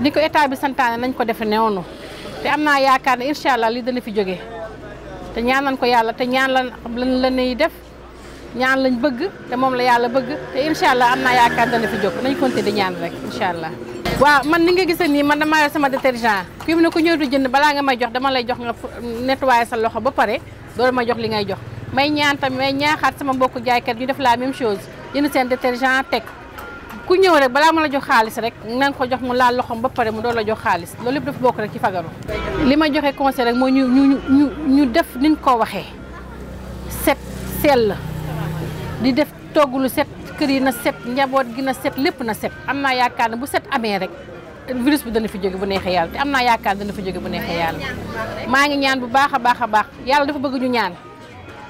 ni ko état bi santaane nañ ko defe noonu te am naa yaakaar ne incha allah lii dana fi jóge te ñaanan ko yàlla te ñaan la lan la ñuy def ñaan lañ bëgg te moom la yàlla bëgg te incha am naa yaakaar dana fi jóg nañ konte di ñaan rek incha allah. waaw man ni nga gisee nii man dama yor sama détergent fi mu ne ko ñëw di jënd balaa nga may jox dama lay jox nga nettoyer sa loxo ba pare doolu ma jox li ngay jox may ñaan tamit may ñaaxaat sama mbokku jaaykat ñu def la même ku ñëw rek balaa ma la jox xaalis rek na ko jox mu laal loxoom ba pare mu doon la jox xaalis loolu yëpp dafa bokk rek ci fagaru. li ma joxe conseil rek mooy ñu ñu ñu ñu def niñ ko waxee set sell di def togg lu set kër yi na set njaboot gi na set lépp na set am naa yaakaar ne bu set amee rek. virus bi dana fi jóge bu neexee yàlla te am naa yaakaar dana fi jóge bu neexee yàlla maa ngi ñaan bu baax a baax a baax yàlla dafa bëgg ñu ñaan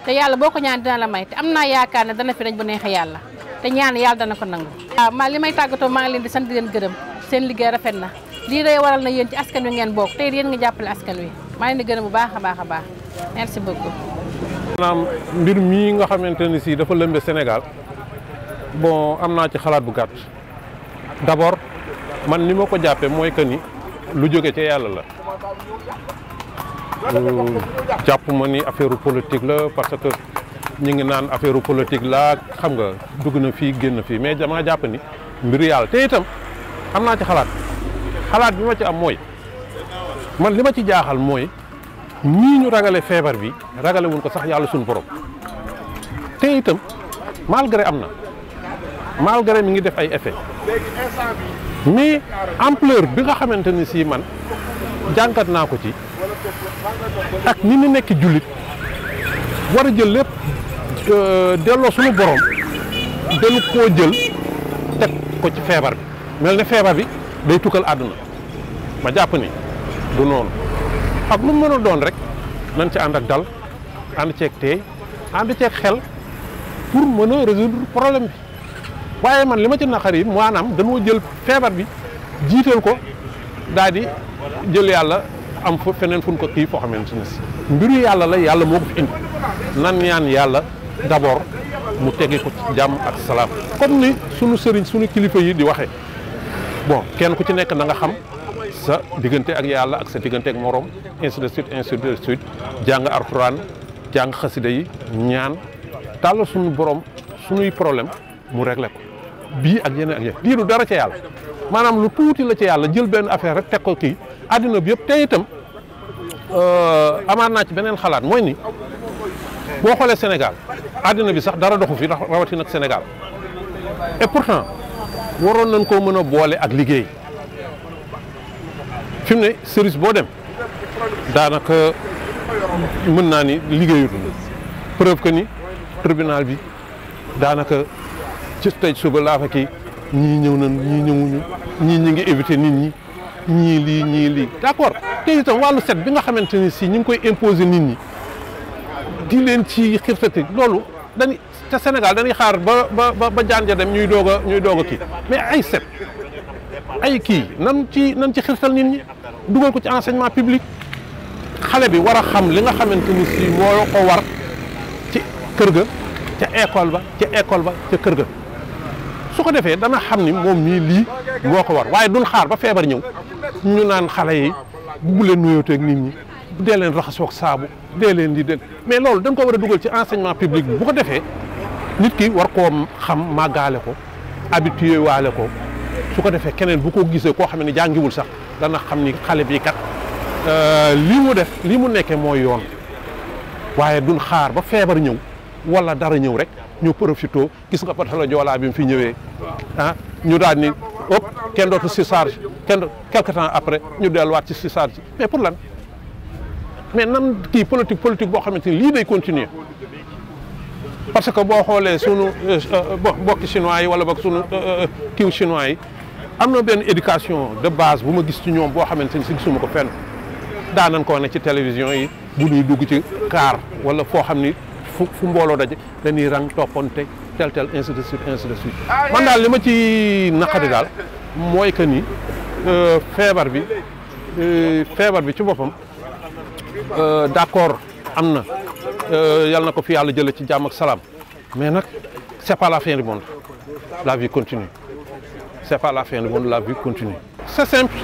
te yàlla boo ko ñaan dina la may am naa yaakaar dana fi dañ bu neexee yàlla te ñaan yàlla dana ko nangu. waaw ah, maa li may tàggatoo maa ngi leen di sant di leen gërëm seen liggéey rafet na lii day waral na yéen ci askan wi ngeen bokk tey yéen nga jàppale askan wi maa ngi leen di gërëm bu baax a baax merci beaucoup. maanaam mbir mii nga xamante ni dafa lëmbe Sénégal bon am ci xalaat bu gàtt d' man ni ma ko jàppee mooy que ni lu jóge ca yàlla la. Hmm, jàpp ni affaire politique la parce que. ñu ngi naan affaire politique laa xam nga dugg na fii génn fii mais damaa jàpp ni mbiru yàlla te itam am naa ci xalaat xalaat bi ma ci am mooy man li ma ci jaaxal mooy nii ñu ragale feebar bi ragale wuñ ko sax yàlla suñu borom te itam malgré am na malgré mi ngi def ay effet mais empleur bi nga xamante ni si man jànkat naa ko ci ak ni mu nekk jullit war a jël lépp Euh, delloo suñu borom dañu koo jël teg ko ci feebar bi mel ni feebar bi day tukkal àdduna ma jàpp ni du noonu ak lu mën a doon rek nañ ci ànd ak dal ànd ceeg teey ànd ceeg xel pour mën a résoudre problème bi waaye man li ma ci naqari yi maanaam dañoo jël feebar bi jiital ko daal di jël yàlla am fu feneen fu ko kii foo xamante ne si mbiru yàlla la yàlla moo ko fi indi nan ñaan yàlla d'abord mu téggé ko jam ak salam comme ni sunu sëriñ sunu kilifa yi di waxé bon kenn ku ci nek na nga xam sa digënté ak yalla ak sa digënté ak morom ainsi de suite ainsi de suite jang alquran jàng xasida yi ñaan tàll sunu borom sunuy problème mu réglé ko bi ak yene ak yeneen diiru dara ci yalla manam lu tuuti la ci yalla jël ben affaire rek teg ki kii bi yëpp tay itam euh amana ci benen xalaat moy ni bo xolé Sénégal àddina bi sax dara doxu fi ndax rawatina ak Sénégal et pourtant waroon nañ koo mën a boole ak liggéey fim mu ne service boo dem daanaka mën naa ni liggéeyutul preuve que ni tribunal bi daanaka ci tey suba laa fa kii ñii ñëw nañ ñii ñëwuñu ñii ñi ngi éviter nit ñi ñii lii ñii lii d'accord te itam wàllu set bi nga xamante ni si ñu ngi koy imposer nit ñi di leen ci xiirtati loolu dañuy te Sénégal dañuy xaar ba ba ba jaan ja dem ñuy doog a ñuy doog a kii mais ay set ay kii nan ci nan ci xirtal nit ñi dugal ko ci enseignement public xale bi war a xam li nga xamante ni si moo ko war ci kër ga ca école ba ca école ba ca kër ga su ko defee dana xam ni moom mii lii moo ko war waaye duñ xaar ba feebar ñëw ñu naan xale yi bu leen nit ñi. dee leen raxasoog saabu dee leen di del mais loolu dañ ko war a dugal ci enseignement public bi bu ko defee nit ki war koo xam màggaale ko habitué waale ko su ko defee keneen bu ko gisee koo xam ne jàngiwul sax dana xam ni xale bii kat euh, lii mu def lii mu nekkee mooy yoon waaye duñ xaar ba feebar ñëw wala dara ñëw rek ñu profité gis nga Batalo Joola bi mu fi ñëwee ah ñu daal ni ëpp kenn dootu si charge kenn quelque temps après ñu delluwaat ci si charge mais pour lan mais nan kii politique politique boo xamante il lii day continuer parce que boo xoolee sunu qui euh, euh, chinois yi wala boog sunu euh, kiiw chinois yi bien éducation de base vous me gis ci ñoom boo xamante ni si gisuma ko fenn daan nañ ko ne ci télévision yi bu ñuy dugg ci car wala faut xam ni fu fu mbooloo daje dañuy rang toppante tel tel ainsi de suite ainsi de suite man daal li ma ci naqari daal mooy que ni feebar bi tu bi ci euh, d'accord... il y y fi yalla ci mais ce n'est pas la fin du monde la vie continue C'est pas la fin du monde la vie continue. C'est simple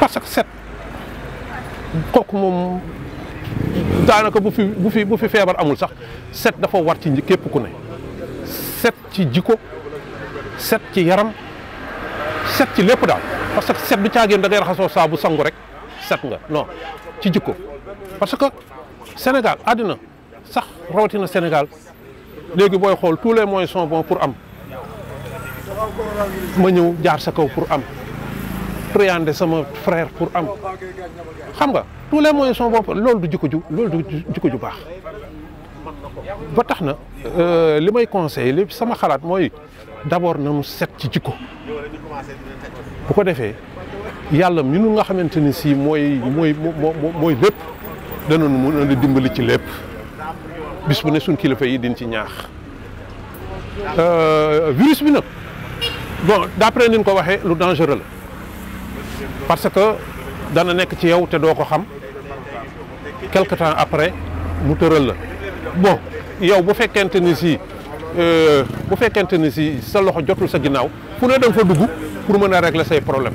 parce que vous bu fi bu fi bu amul sax set dafa war ci kep ku set ci set ci yaram set ci parce que set du da set nga non ci jikko parce que Sénégal àddina sax rawatina Sénégal léegi booy xool tous les moyens sont bons pour am ma ñëw jaar sa kaw pour am triande sama frère pour am xam nga tous les moyens sont loolu du jikko ju loolu du jikko ju baax ba tax na euh, li may conseil li sama xalaat mooy d'abord na mu set ci jikko bu ko defee Nous ñu nga xamanteni si moy tunisie dimbali ci lepp bis ne kilifa yi din ci ñaax euh, virus bi bon d'après ñu ko lu dangereux parce que dana nekk ci yow te doko xam quelque temps après mu teureul la bon yow bu si si euh, bu si sa loxo jotul sa ginnaw fu ne da fa dugg pour mëna régler say problèmes.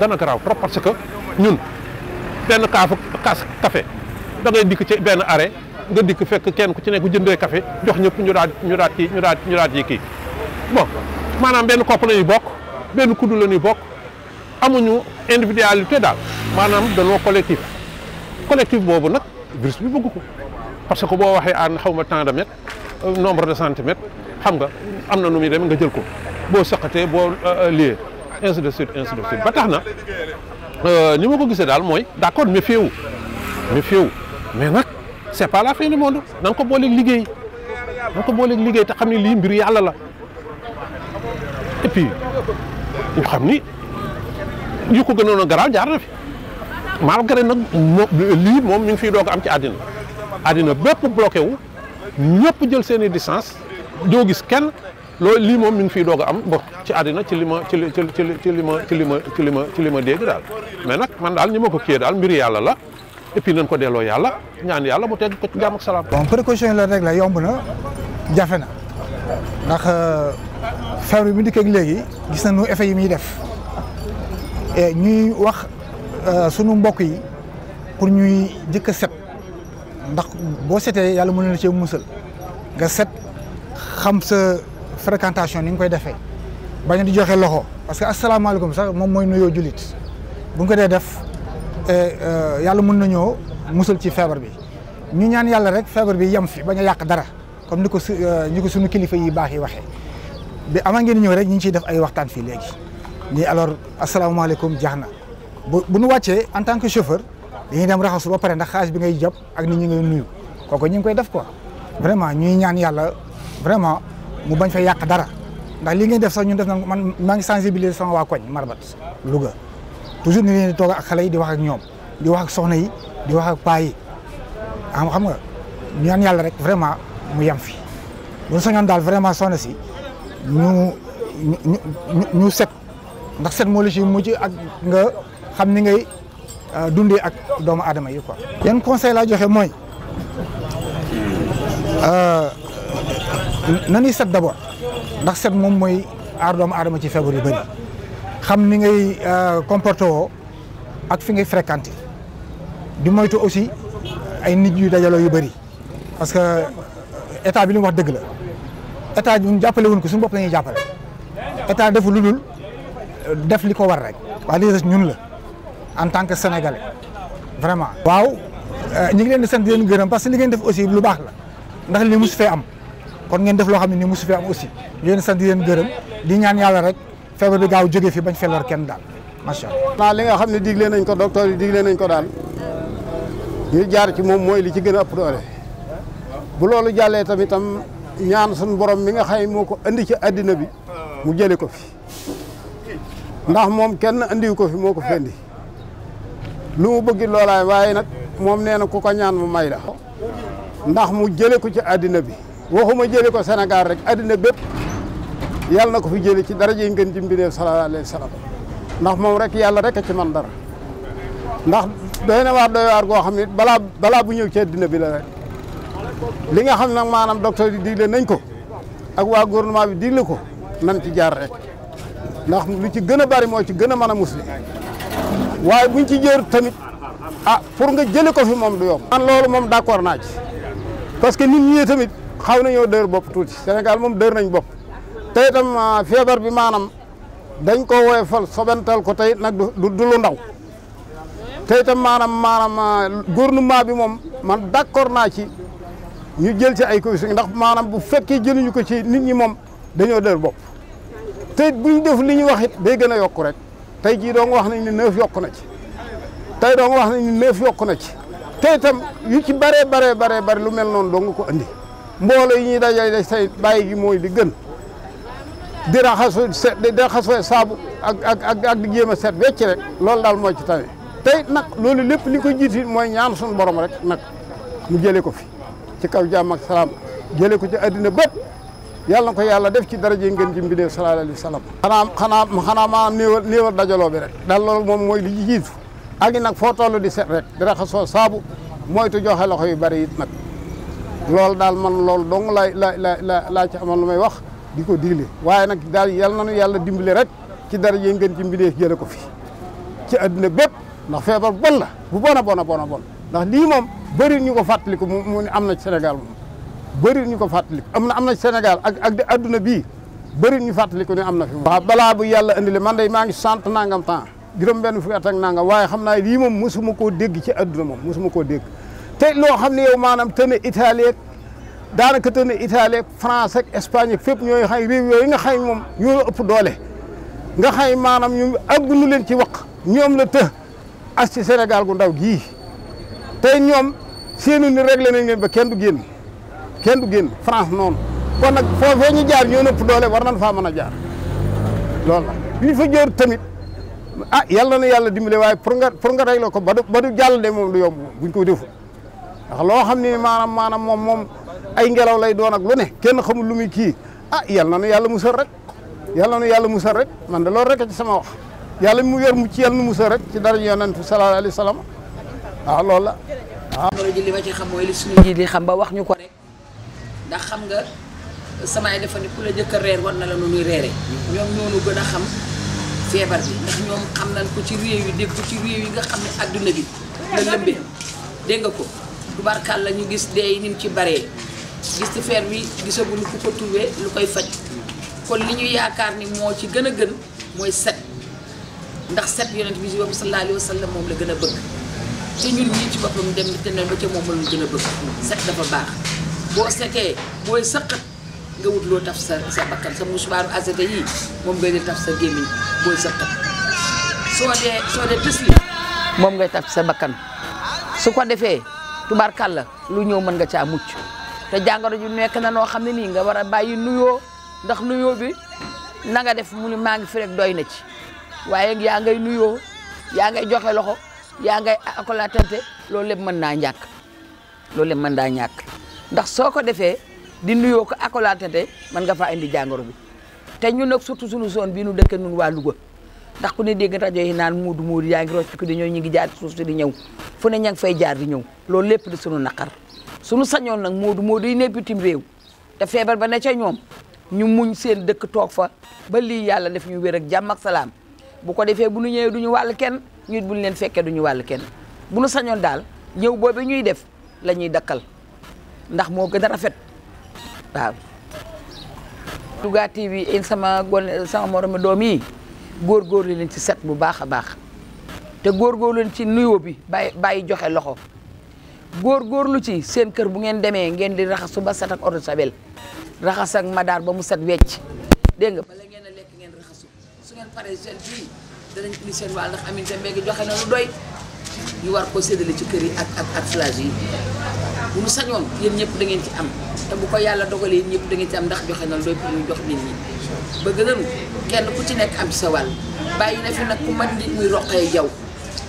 dana garaaw trop parce que ñun benn kaaf kaas kafe da ngay dikk ci benn arrêt nga dikk fekk kenn ku ci nekk jëndee kafe jox ñëpp ñu daal ñu daal kii ñu daal ñu daal yi kii bon maanaam benn kopp la bokk benn kuddu la ñuy bokk amuñu individualité daal maanaam dañoo collectif collectif boobu nag virus bi bëgg ko parce que boo waxee aan xaw ma temps de mètre euh, nombre de centimètres xam nga am na nu muy dem nga jël ko boo saqatee boo euh, euh, lié ainsi de ba tax na euh, ni ma ko gisee daal mooy d' accord mais féewu mais féewu mais nag est pas la fin du monde na ko booleeg liggéey na nga te xam ne lii mbir yàlla la et puis ñu xam ni yu ko gënoon a garaaw jaar na fi malgré nag lii moom mi ngi fiy doog am ci àddina àddina bépp bloqué wu ñëpp jël seen i distance doo gis kenn. loolu lii moom mi ngi fiy doog a am bon ci àddina ci li ma ci li ci dégg daal mais nag man daal ñi ma ko kiyee daal mbiri yàlla la et puis ko delloo yàlla ñaan yàlla mu teg ko ci jàmm ak salaam. bon précaution yi la rek na jafe na ndax euh, feebar bi dikk ak léegi gis nañu effet muy def wax euh, sunu mbokk yi pour ñuy jëkk a set ndax boo setee yàlla mën na la cee musal nga set xam sa. fréquentation ni nga koy defee bañ di joxe loxo parce que asalaamaaleykum sax moom mooy nuyoo jullit bu ñu ko dee def eh, eh, yàlla mën nañoo musal ci feebar bi ñu ñaan yàlla rek feebar bi yem fi bañ a yàq dara comme ni ko su eh, ni ko suñu kilifa yi baax yi waxee bi ama ngeen ñëw rek ñu ngi ciy def ay waxtaan fii léegi nii alors asalaamaaleykum jaax na bu bu ñu wàccee en tant que chauffeur dañuy dem raxasu ba pare ndax bi ngay jàpp ak nit ñi ngay nuyu kooku ñu ngi koy def quoi vraiment ñuy ñaan yàlla vraiment. mu bañ fa yak dara ndax li ngeen def sax ñun def na man ma ngi sensibiliser sama wa koñ marbat luga toujours ni leen di toog ak xalé yi di wax ak ñoom di wax ak soxna yi di wax ak paay yi am xam nga ñaan yalla rek vraiment mu yam fi bu sañoon dal vraiment soxna si ñu ñu set ndax set mo la ci mu ci ak nga xam ni ngay euh, dundé ak doomu adama yi quoi. yeen conseil la joxe mooy. Euh, nañuy set d'abord ndax set moom mooy aar doomu aadama ci feebar yu bëri xam ni ngay euh, comporté woo ak fi ngay fréquenté di moytu aussi ay nit yu dajaloo yu bëri parce que état bi li wax dëgg la état ñun jàppale wuñ ko suñu bopp la ñuy jàppale état defu lu dul def li ko war rek waaye li des ñun la en tant que sénégalais vraiment. waaw euh, ñu ngi leen di sant di leen gërëm parce que li ngeen def aussi lu baax la ndax li mus fee am. kon ngeen def loo xam ne ni mosu fi am aussi leen sant leen gërëm di ñaan yàlla rek feebar bi gaaw jóge fi bañ fe kenn daal macha allah. li nga xam ne digle nañ ko docteur yi digle nañ ko daal ñu jaar ci moom mooy li ci gën a ëpp bu loolu jàllee tamit tam ñaan suñu borom mi nga xay moo ko andi ci àddina bi mu jëlee ko fi ndax moom kenn andiwu ko fi moo ko fi andi lu mu bëgg loolaay waaye nag moom nee na ku ko ñaan mu may la ndax mu jëlee ko ci addina bi. waxuma jëlee ko Sénégal rek addina bépp yàlla na ko fi jëlee ci yi ngeen ci mbindeef sallallahu alayhi wa ndax moom rek yàlla rek a ci man dara ndax doy na waar doy waar goo xam ne balaa balaa bu ñëw ci addina bi la rek li nga xam nag maanaam docteur yi digle nañ ko ak waa gouvernement bi digle ko nan ci jaar rek ndax lu ci gën a bari moo ci gën a mën a musli waaye bu ci jër tamit ah pour nga jëlee ko fi moom du yomb. man loolu moom d'accord naa ci parce que nit ñi xaw na nañoo dër bopp tuuti senegal moom dër nañ bopp te itam ah, feebar bi maanaam dañ ko woyofal sobental ko tey nag du du lu ndaw te itam maanaam maanaam ah, gouvernement bi moom man d'accord naa ci ñu jël ci ay commission ndax maanaam bu fekkee jëluñu ko ci nit ñi moom dañoo dër bopp te it bu ñu def li ñu wax it day gën a yokku rek tey jii doo wax nañ ne neuf na ci tey doo wax nañ ne neuf na ci te itam yu ci baree baree baree bari lu mel noonu doo ko andi mbooloo yi ñuy dajale say baay gi mooy li gën di raxasu set di raxasu saabu ak ak ak ak di jéem a set wecc rek loolu daal moo ci tane tey nag loolu lépp li ko jiiti mooy ñaan suñu borom rek nag mu jëlee ko fi ci kaw jàmm ak salaam jëlee ko ci addina bët yàlla na ko yàlla def ci daraje ngeen ji mbindee sallallahu alayhi wa sallam xanaa xanaa xanaa maanaam néewal néewal dajaloo bi rek daal loolu moom mooy li jiitu ak nag foo toll di set rek di raxasoo saabu mooy joxe loxo yu bari it nag loolu daal man loolu dong laay la la laa ci amal lu may wax di ko digle waaye nag daal yal na nu yàlla dimbali rek ci dara yéen ngeen ci mbindeef ko fi ci adduna bépp ndax feebar bon bu bon a bon a bon ndax lii moom bëri ñu ko fàttaliku mu ne am na ci Sénégal moom bëri ñu ko fàttaliku am na am na ci ak ak adduna bii bëri ñu fàttaliku ne am na fi moom. waaw balaa bu yàlla indile man day maa ngi sant nangam temps juróom benn fu at ak nangam waaye xam naa lii moom mosuma koo dégg ci adduna moom mosuma koo dégg te loo xam ni yow maanaam tënne Italie ak daanaka tënne Italie ak France Espagne ak fépp ñooy xay réew yooyu nga xay moom ñoo ëpp doole nga xay maanaam ñu àggulu leen ci wax ñoom la të as ci Sénégal gu ndaw gi te ñoom seenu ni réglé nañ ba kenn du génn kenn du génn France noonu kon nag foofee ñu jaar ñoo ëpp doole war nañ faa mën a jaar loolu la ñu fa jóor tamit ah yàlla na yàlla dimbale waaye pour nga pour nga réglé ko ba du ba du jàll de moom du yomb buñ ko deful ndax loo xam ne maanaam maanaam moom moom ay ngelaw lay doon ak lu ne kenn xamul lu muy kii ah yal na nu yàlla musal rek yal na nu yàlla musal rek man de loolu rek a sama yàlla mu wér mu ci yàlla nu musal rek ci dara yonent sallallahu alayhi wa sallam loolu la waaw. ji li ma xam mooy li suñu ji li xam ba wax ñu ko rek xam nga sama ay dafa ni ku na la nu muy reere ñoom ñoo gën a xam feebar bi ndax ñoom xam nañ ko ci réew yi dégg ci réew yi nga xam ne adduna bi dégg ko. tubarkal la ñu gis dee ni mu ci baree gis ci feer bi gisaguñu ku ko trouvé lu koy faj kon li ñu yaakaar ni moo ci gën a gën mooy set ndax set yonent bi si boppam sallallahu alayhi wa moom la gën a bëgg te ñun dem te ne ba ca moom la gën a set dafa baax boo setee booy sëqat nga loo taf sa sa bakkan sa musbaaru azata yi moom ngay dee taf sa gémmiñ booy sëqat soo dee soo dee tës li moom ngay taf sa bakkan su ko defee tubarkalla lu ñëw mën nga caa mucc te jàngoro ju nekk na noo xam ne nii nga war a bàyyi nuyoo ndax nuyoo bi na nga def mu ni maa ngi fi doy na ci waaye yaa ngay nuyoo yaa ngay joxe loxo yaa ngay akolaatante loolu lépp mën naa ñàkk loolu lépp mën naa ñàkk ndax soo ko defee di nuyoo ko akolaatante mën nga faa indi jàngaro bi te ñun nag surtout sunu zone bi nu dëkke nun waa Louga ndax ku ne dégg rajo yi naan muudu muudu yaa ngi rocc ko di ñëw ñu ngi jaar suuf si ñëw fu ne ña ngi fay jaar di ñëw loolu lépp di sunu naqar sunu sañoon nag moodu moodu yi ne bitim réew te feebar ba ne ca ñoom ñu muñ seen dëkk toog fa ba lii yàlla def ñu wér ak jàmm ak salaam bu ko defee bu ñu ñëwee du ñu wàll kenn ñun buñ leen fekkee du ñu wàll kenn bu nu sañoon daal ñëw boobu ñuy def la ñuy dakkal ndax moo gën a rafet waaw. Louga TV in sama gone sama moromu doom yi góorgóorlu leen ci set bu baax a baax. te góor góorgóorlu leen ci nuyoo bi bàyyi bàyyi joxe loxo góor góor lu ci seen kër bu ngeen demee ngeen di raxasu ba set ak eau de javel madaar ba mu set wecc dégg nga bala ngeen a lekk ngeen raxasu su ngeen paree gel bii danañ indi seen wàll ndax Aminata war ko séddale ci kër ak ak ak village yi bu ñëpp da ngeen ci am te bu ko yàlla dogalee yéen ñëpp da ci am ndax joxe na lu doy pour ñu jox nit ñi bëgg nañu kenn ku ci nekk am ci sa wàll bàyyi na fi nag ku man nit muy roqee jaw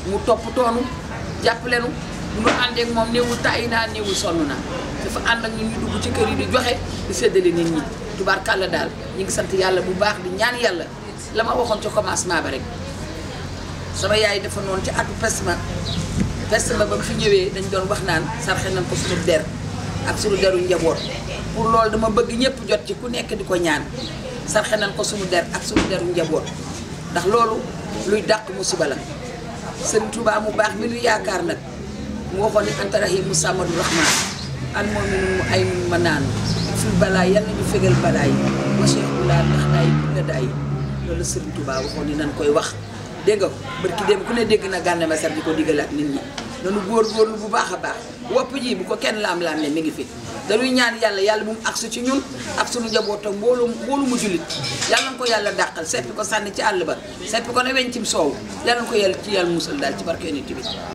mu topp toonu jàppale nu nu ànd moom néewul tàyyi naa néewu sonn naa dafa ànd ak ñun ñu dugg ci kër yi di joxe di séddale nit ñi tubaarkàlla daal ñu ngi sant yàlla bu baax di ñaan yàlla la ma waxoon ci commencement ba rek sama yaay dafa noonu ci atu pes ma pes ma ba mu fi ñëwee dañu doon wax naan sarxe nañ ko suñu der ak suñu deru njaboot pour loolu dama bëgg ñëpp jot ci ku nekk di ko ñaan sarxe ko suñu der ak suñu deru njaboot ndax loolu luy dàq musiba sëñ Touba mu baax mi nu yaakaar nag mu waxoon ne anta rahimu samadu rahman an moom mu ay ma naanu ful balaay yal nañu fegal balaay wasiulaa ndax daay bu na daay loolu sëriñ Touba waxoon ni nan koy wax dégg ko nga bërki dem ku ne dégg na Gana Messere bi ko digalaat nit ñi nanu góor góorlu bu baax a baax wopp ji bu ko kenn laam-laam ne mi ngi fi dañuy ñaan yàlla yàlla bu mu agsi ci ñun ak suñu njaboot ak mboolu mboolu mu jullit yàlla na ko yàlla dàqal seppi ko sànni ci àll ba seppi ko ne weñ cim soow yàlla na ko yàlla ci yàlla mu musal daal ci barke nit bi